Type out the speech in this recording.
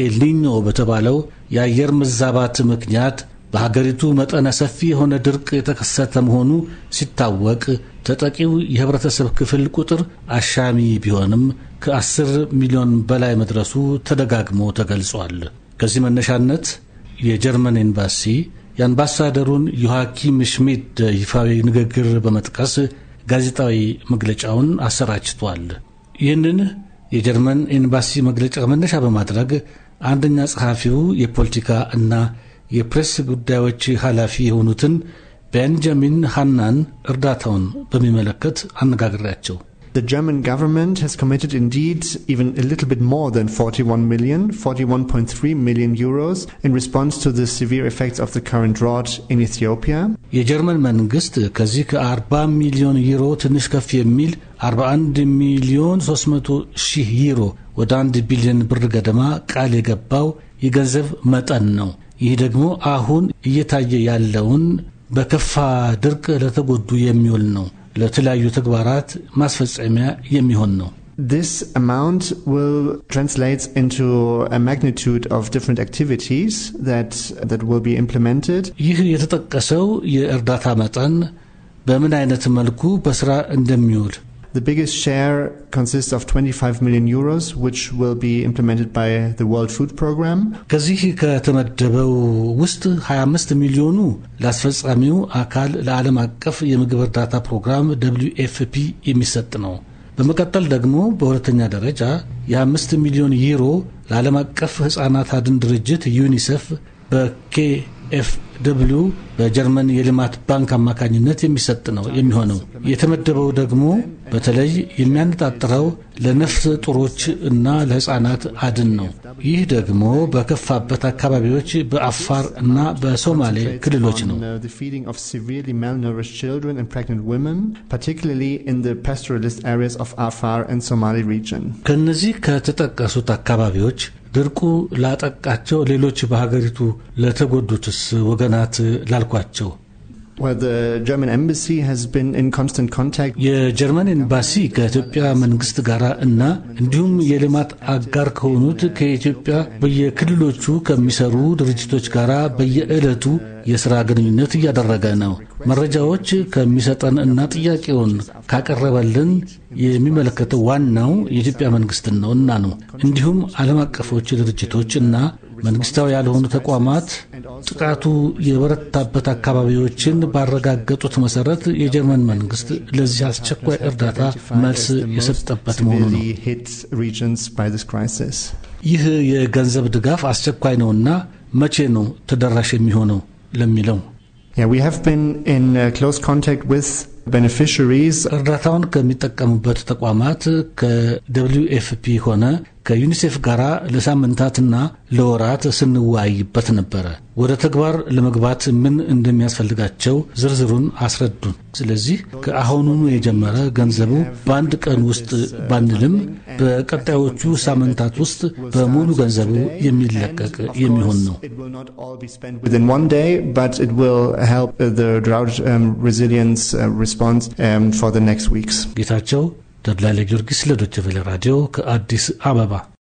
ኤልኒኞ በተባለው የአየር መዛባት ምክንያት በሀገሪቱ መጠነ ሰፊ የሆነ ድርቅ የተከሰተ መሆኑ ሲታወቅ ተጠቂው የህብረተሰብ ክፍል ቁጥር አሻሚ ቢሆንም ከአስር ሚሊዮን በላይ መድረሱ ተደጋግሞ ተገልጿል። ከዚህ መነሻነት የጀርመን ኤምባሲ የአምባሳደሩን ዮሐኪም ሽሚድ ይፋዊ ንግግር በመጥቀስ ጋዜጣዊ መግለጫውን አሰራጭቷል። ይህንን የጀርመን ኤምባሲ መግለጫ መነሻ በማድረግ አንደኛ ጸሐፊው የፖለቲካ እና የፕሬስ ጉዳዮች ኃላፊ የሆኑትን ቤንጃሚን ሃናን እርዳታውን በሚመለከት አነጋግሬያቸው The German government has committed indeed even a little bit more than 41 million, 41.3 million euros in response to the severe effects of the current drought in Ethiopia. የጀርመን መንግስት ከዚህ ከ40 ሚሊዮን ዩሮ ትንሽ ከፍ የሚል 41 ሚሊዮን 300 ሺህ ዩሮ ወደ 1 ቢሊዮን ብር ገደማ ቃል የገባው የገንዘብ መጠን ነው። ይህ ደግሞ አሁን እየታየ ያለውን በከፋ ድርቅ ለተጎዱ የሚውል ነው። ለተለያዩ ተግባራት ማስፈጸሚያ የሚሆን ነው። This amount will translate into a magnitude of different activities that that will be implemented. ይህ የተጠቀሰው የእርዳታ መጠን በምን አይነት መልኩ በስራ እንደሚውል The biggest share consists of 25 million euros, which will be implemented by the World Food Program. ከዚህ ከተመደበው ውስጥ 25 ሚሊዮኑ ለአስፈጻሚው አካል ለዓለም አቀፍ የምግብ እርዳታ ፕሮግራም ደብልዩ ኤፍ ፒ የሚሰጥ ነው። በመቀጠል ደግሞ በሁለተኛ ደረጃ የአምስት ሚሊዮን ዩሮ ለዓለም አቀፍ ሕፃናት አድን ድርጅት ዩኒሴፍ በኬ ኤፍ ደብልዩ በጀርመን የልማት ባንክ አማካኝነት የሚሰጥ ነው የሚሆነው። የተመደበው ደግሞ በተለይ የሚያነጣጥረው ለነፍስ ጡሮች እና ለሕፃናት አድን ነው። ይህ ደግሞ በከፋበት አካባቢዎች በአፋር እና በሶማሌ ክልሎች ነው። ከእነዚህ ከተጠቀሱት አካባቢዎች ድርቁ ላጠቃቸው ሌሎች በሀገሪቱ ለተጎዱትስ ወገናት ላልኳቸው የጀርመን ኤምባሲ ከኢትዮጵያ መንግስት ጋር እና እንዲሁም የልማት አጋር ከሆኑት ከኢትዮጵያ በየክልሎቹ ከሚሰሩ ድርጅቶች ጋር በየዕለቱ የሥራ ግንኙነት እያደረገ ነው። መረጃዎች ከሚሰጠን እና ጥያቄውን ካቀረበልን የሚመለከተው ዋናው የኢትዮጵያ መንግስትን እና ነው። እንዲሁም ዓለም አቀፎች ድርጅቶች እና መንግስታዊ ያልሆኑ ተቋማት ጥቃቱ የበረታበት አካባቢዎችን ባረጋገጡት መሰረት የጀርመን መንግስት ለዚህ አስቸኳይ እርዳታ መልስ የሰጠበት መሆኑ ነው። ይህ የገንዘብ ድጋፍ አስቸኳይ ነውና መቼ ነው ተደራሽ የሚሆነው ለሚለው uh, እርዳታውን ከሚጠቀሙበት ተቋማት ከደብሊዩ ኤፍፒ ሆነ ከዩኒሴፍ ጋር ለሳምንታትና ለወራት ስንወያይበት ነበረ። ወደ ተግባር ለመግባት ምን እንደሚያስፈልጋቸው ዝርዝሩን አስረዱን። ስለዚህ ከአሁኑኑ የጀመረ ገንዘቡ በአንድ ቀን ውስጥ ባንልም በቀጣዮቹ ሳምንታት ውስጥ በሙሉ ገንዘቡ የሚለቀቅ የሚሆን ነው። um, uh, um, ጌታቸው ተድላ ጊዮርጊስ ለዶቸቬለ ራዲዮ ከአዲስ አበባ